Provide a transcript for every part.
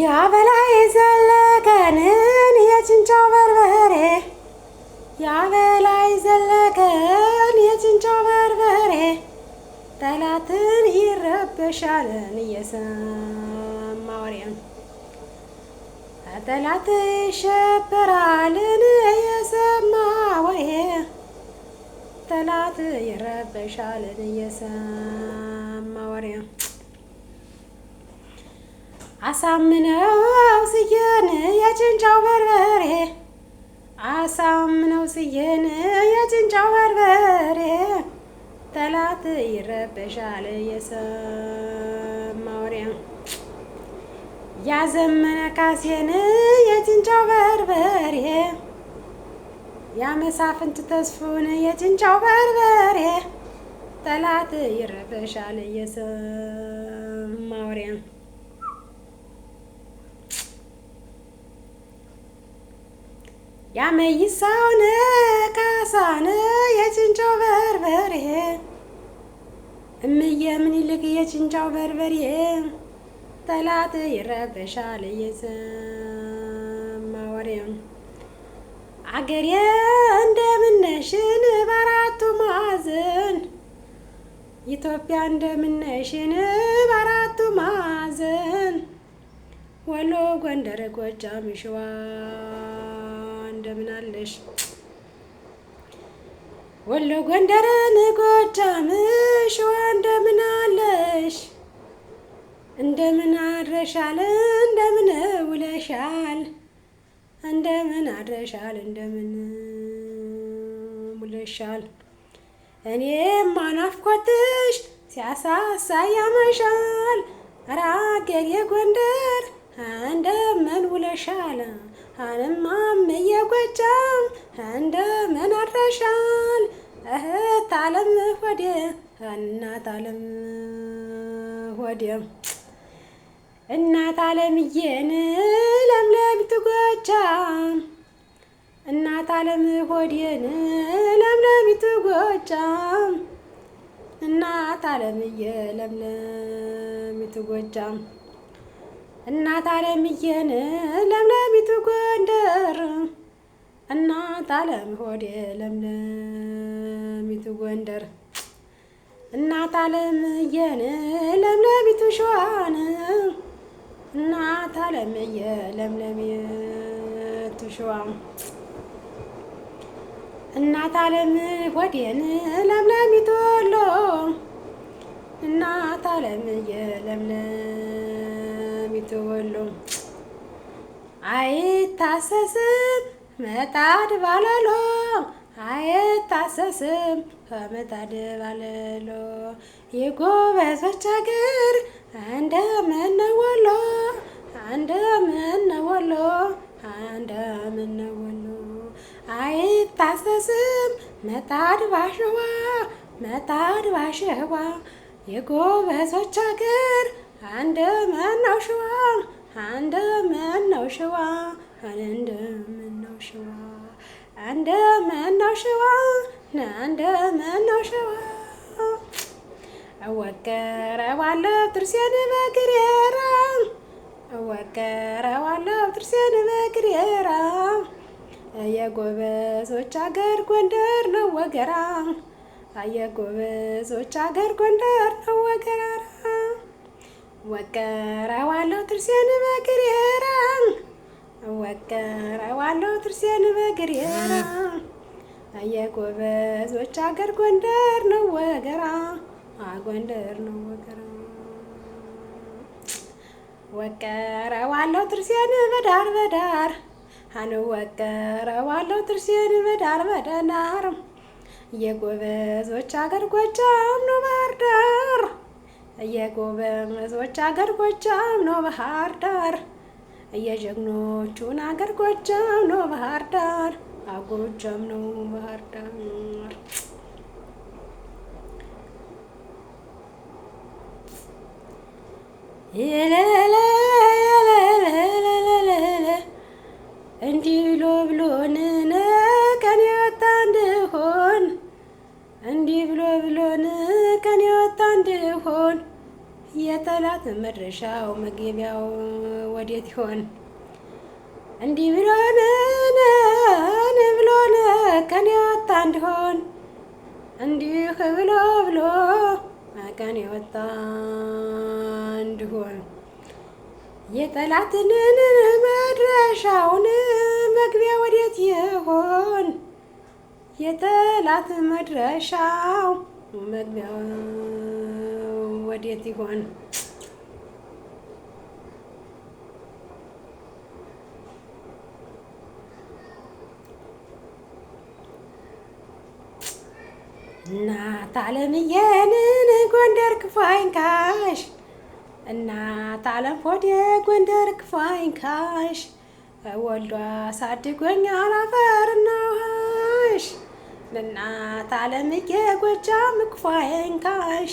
ያበላይ ዘለቀንን የችንቻው በርበሬ ያበላይ ዘለቀን የችንቻው በርበሬ ጠላትን ይረበሻልን እየሰማ ወሬን ጠላት ይሸበራልን እየሰማ ወሬ ጠላት ይረበሻልን እየሰማ ወሬን አሳምነው ስዬን የጭንጫው በርበሬ አሳምነው ስዬን የጭንጫው በርበሬ ጠላት ይረበሻል የሰማ ወሬ ያዘመነ ካሴን የጭንጫው በርበሬ ያመሳፍንት ተስፉን የጭንጫው በርበሬ ጠላት ይረበሻል የሰማ ወሬ ያመይሳውን ካሳን የጭንጫው በርበሬ እምዬ ምኒልክ የጭንጫው በርበሬ ጠላት ይረበሻል እየሰማ ወሬ አገሬ እንደምነሽን በአራቱ ማዕዘን ኢትዮጵያ እንደምነሽን በአራቱ ማዕዘን ወሎ፣ ጎንደር፣ ጎጃም፣ ሸዋ እንደምን አለሽ? ወሎ ጎንደርን ጎጃምሽ እንደምን አለሽ? እንደምን አድረሻል? እንደምን ውለሻል? እንደምን አድረሻል? እንደምን ውለሻል? እኔም አናፍቆትሽ ሲያሳሳ ያመሻል። ኧረ አገሬ ጎንደር እንደምን ውለሻል? አለማም እየጎጃም እንደምን አድረሻል እህት አለም ወዴ እናት አለም ወዴ እናት አለምዬን ለምለምት ጎጃም እናት አለም ሆዴን ለምለሚቱ ጎጃም እናት አለምዬ ለምለሚቱ ጎጃም እናት አለምዬን ለምለሚቱ ጎንደር እናት አለም ሆዴ ለምለሚቱ ጎንደር እናት አለምዬን ለምለሚቱ ሸዋን እናት አለምዬ ለምለሚቱ ሸዋ እናት አለም ሆዴን ለምለሚቱ ወሎ እናት አለምዬ ለምለም ትወሎ አይታሰስም ምጣድ ባለሎ አይታሰስም ከምጣድ ባለሎ የጎበዞች አገር እንደምነው ወሎ እንደምነው ወሎ እንደምነው ወሎ አይታሰስም ምጣድ ባሸዋ ምጣድ ባሸዋ የጎበዞች አገር እንደምን ነው ሸዋ እንደምን ነው ሸዋ እንደምን ነው ሸዋ እንደምን ነው ሸዋ እንደምን ነው ሸዋ ጥርሴን በግሬራ ጥርሴን በግሬራ የጎበዞች አገር ጎንደር ነው ወገራ የጎበዞች አገር ጎንደር ነው ወገራ ወቀረዋለሁ ጥርሴን በግሬራ ወቀረዋለሁ ጥርሴን በግሬራ የጎበዞች አገር ጎንደር ነው ወገራ ጎንደር ነው ወገራ ወቀረዋለሁ ጥርሴን በዳር በዳር አንወቀረዋለሁ ጥርሴን በዳር በደናር የጎበዞች አገር ጎጃም ነው ባህር ዳር የጎበመዞች አገር ጎጃም ነው ባህር ዳር፣ የጀግኖቹን አገር ጎጃም ነው ባህር ዳር፣ አጎጃም ነው ባህር ዳር። እንዲሎ ብሎን ቀን የወጣ እንድሆን እንዲህ ብሎ ብሎን ቀን የወጣ እንድሆን የጠላት መድረሻው መግቢያው ወዴት ይሆን? እንዲህ ነን ብሎን ከኔ ወጣ እንዲሆን እንዲህ ብሎ ብሎ ከኔ ወጣ እንዲሆን የጠላትንን መድረሻውን መግቢያ ወዴት ይሆን? የጠላት መድረሻው መግቢያው ወዴት ይሆን? እናት አለምዬን ጎንደር ክፉ አይንካሽ፣ እናት አለም ሆዴ ጎንደር ክፉ አይንካሽ። ወልዷ ሳድጎኛ አላፈርና ውሃሽ እናት አለምዬ ጎጃም ክፉ አይንካሽ።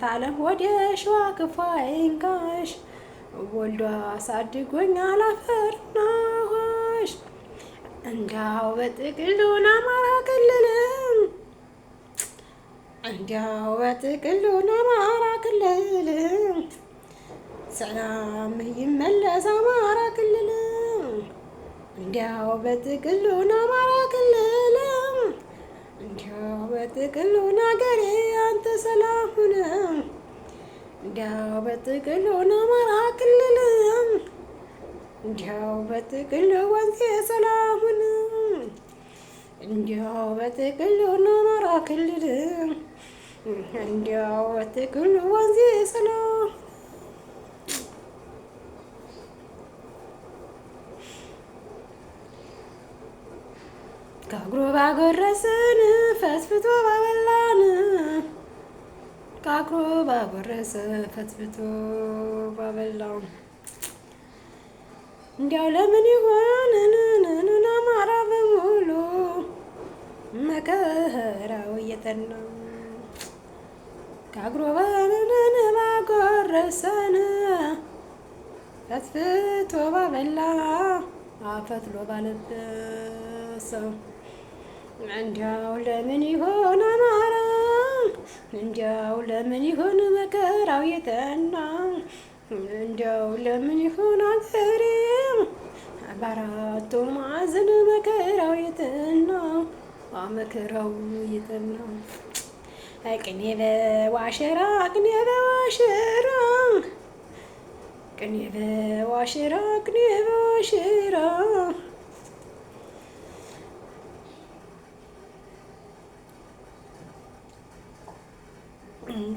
ተዓላ ወደሽ ዋክፋ ይንካሽ ወልዶ አሳድጎኝ አላፈርናሆሽ እንዳው በጥቅሉን አማራ ክልል እንዲያው በጥቅሉን አማራ ክልል ሰላም ይመለስ አማራ ክልል እንዲያው በጥቅሉን አማራ ክልል እንዲያው በጥቅሉ ናገሬ አንተ ሰላም ሁነ እንዲያው በጥቅሉ አማራ ክልል እንዲያው በጥቅሉ ወንዜ ሰላም ሁነ እንዲያው በጥቅሉ አማራ ክልል እንዲያው በጥቅሉ ወንዜ ሰላም ፈትፍቶ ባበላን ቃቅሮ ባጎረሰ ፈትፍቶ ባበላው እንዲያው ለምን ይሆን ንንንን አማራ በሙሉ መከራው እየጠና ቃቅሮ ባንን ባጎረሰን ፈትፍቶ ባበላ አፈትሎ ባለበሰው እንዲያው ለምን ይሆን አማራ እንዲያው ለምን ይሆን መከራው የተና እንዲያው ለምን ይሆን አገሬ በአራቱ ማዕዘን መከራው የተና መከራው የተና ቅኔ በዋሸራ ቅኔ በዋሸራ ቅኔ በዋሸራ ቅኔ በዋሸራ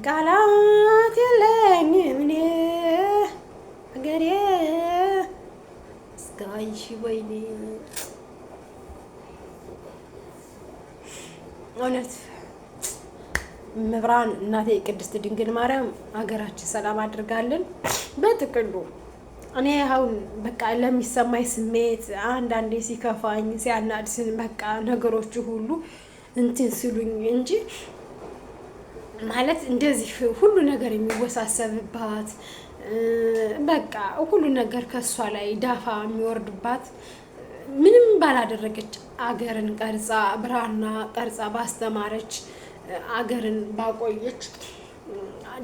ቃላት የለኝም እኔ አገሬ እስጋይሽ ወይኔ እውነት መብራን እናቴ ቅድስት ድንግል ማርያም ሀገራችን ሰላም አድርጋለን። በጥቅሉ እኔ አሁን በቃ ለሚሰማኝ ስሜት አንዳንዴ ሲከፋኝ ሲያናድስን በቃ ነገሮቹ ሁሉ እንትን ስሉኝ እንጂ ማለት እንደዚህ ሁሉ ነገር የሚወሳሰብባት በቃ ሁሉ ነገር ከእሷ ላይ ዳፋ የሚወርድባት ምንም ባላደረገች አገርን ቀርጻ ብራና ቀርጻ ባስተማረች አገርን ባቆየች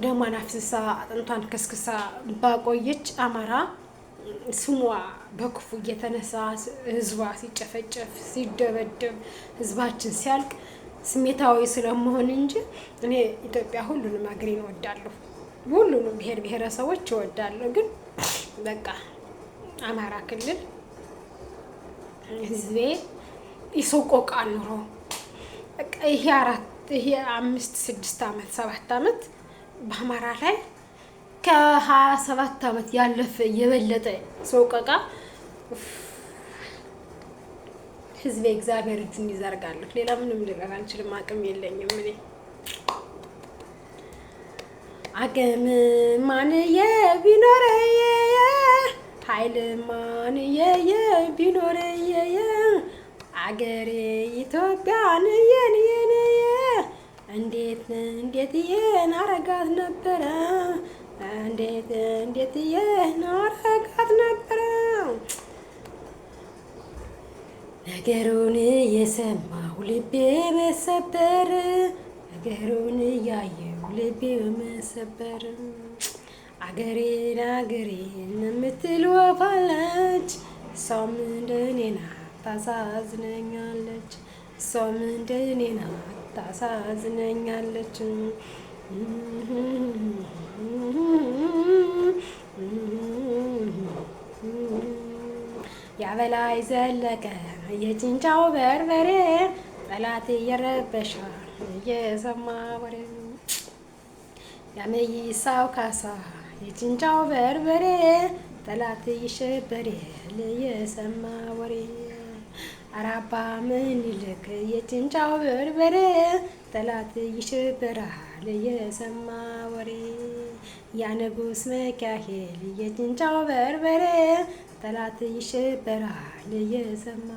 ደሟን አፍስሳ አጥንቷን ከስክሳ ባቆየች አማራ ስሟ በክፉ እየተነሳ ህዝቧ ሲጨፈጨፍ ሲደበደብ ህዝባችን ሲያልቅ ስሜታዊ ስለመሆን እንጂ እኔ ኢትዮጵያ ሁሉንም አገሬን እወዳለሁ። ሁሉንም ብሄር ብሄረሰቦች እወዳለሁ። ግን በቃ አማራ ክልል ህዝቤ ይሶቆቃ ኑሮ በቃ ይሄ አራት ይሄ አምስት ስድስት አመት ሰባት አመት በአማራ ላይ ከሀያ ሰባት አመት ያለፈ የበለጠ ሰቆቃ ህዝቤ እግዚአብሔር እጁን ይዘርጋለሁ። ሌላ ምንም ልቀር አንችልም፣ አቅም የለኝም እኔ አቅም ማንየ ቢኖረየ ኃይል ማንየ ቢኖረየ አገሬ ኢትዮጵያን የን የኔ እንዴት እንዴት የን አረጋት ነበረ እንዴት እንዴት የን አረጋት ነበረ ነገሩን የሰማሁ ልቤ መሰበር፣ ነገሩን ያየሁ ልቤ መሰበር። አገሬን አገሬን የምትል ወፋለች፣ እሷም እንደኔ ናት ታሳዝነኛለች፣ እሷም እንደኔ ናት ታሳዝነኛለች። ያበላይ ዘለቀ የጭንጫው በርበሬ ጠላት እየረበሻል እየሰማ ወሬ ያመይሳው ካሳ የጭንጫው በርበሬ ጠላት ይሸበሬ እየሰማ ወሬ አራባ ምን ይልክ የጭንጫው በርበሬ ጠላት ይሽበራል የሰማ ወሬ ያንጉስ መካሄል የጭንጫው በርበሬ ጠላት ይሽበራል የሰማ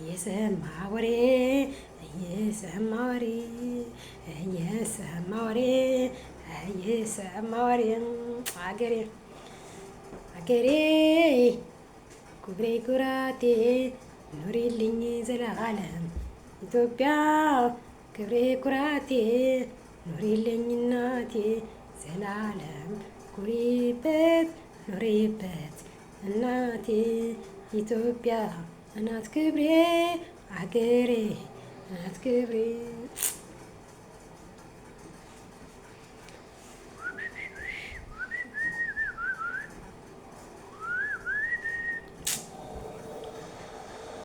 እየሰማ ወሬ እየሰማ ወሬ እየሰማ ወሬ እየሰማ ወሬ አገሬ አገሬ ጉብሬ ጉራቴ ኑሪልኝ ዘላለም ኢትዮጵያ ክብሬ ኩራቴ ኑሪልኝ እናቴ ዘላለም ኩሪበት ኑሪበት እናቴ ኢትዮጵያ እናት ክብሬ አገሬ እናት ክብሬ